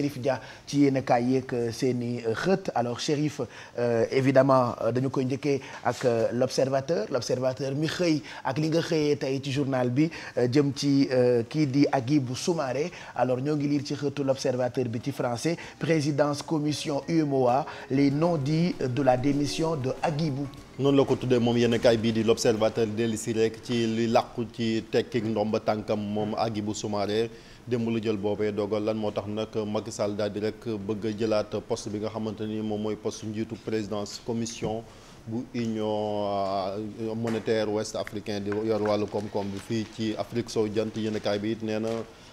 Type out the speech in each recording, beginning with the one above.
Chérif Dia ci yéen a kaay yeeg euh, seen i euh, xët alors Chérif euh, évidemment dañu koy njëkkee ak l'observateur l'observateur mi xëy ak li nga xëyee tey ci journal bi jëm ci kii di Hadjibou Soumaré alors ñoo ngi lire ci xëtu l'observateur bi ci français présidence commission UEMOA les non di de la démission de Hadjibou noonu la ko tuddee moom yenn kaay bii di l'observateur dellu si rek ci li làqu ci tekki ndomba tànkam moom Hadjibou Soumaré démb la jël boobee dogal lan moo tax nag Macky Sall daal di rek bëgg a jëlaat poste bi nga xamante ni moom mooy post njiitu présidence commission bu union euh, monétaire ouest africain di yor wàllu koom-koom bi fii ci Afrique sowu jant yéenekaay bi it nee na.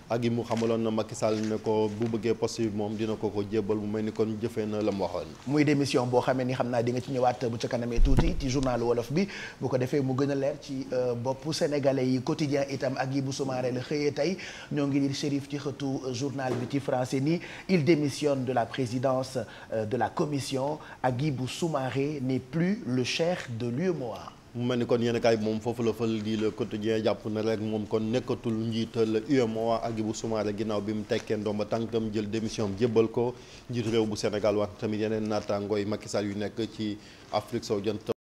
ak yi mu xamaloon na Macky Sall ne ko bu bëggee poste moom dina ko ko jébbal mu mel ni kon jëfee na la mu waxoon. muy démission boo xamee ni xam naa di nga ci ñëwaat bu ca kanamee tuuti ci journal wolof bi bu ko defee mu gën a leer ci euh, boppu sénégalais yi quotidien itam ak yi bu Soumaré la xëyee tey ñoo ngi lire Chérif ci xëtu euh, journal bi ci français ni il démissionne de la présidence euh, de la commission ak bu Soumaré n'est plus le chef de mois mu mel ni kon yéen bi moom foofu la fël di le quotidien jàpp na rek moom kon nekkatul njiital UEMOA bu Soumaré ginnaaw bi mu tekkee ndoom ndomba tànkam jël démission jébbal ko njiit réew bu Sénégal wax tamit yeneen naataangooy Macky Sall yu nekk ci Afrique sowu jant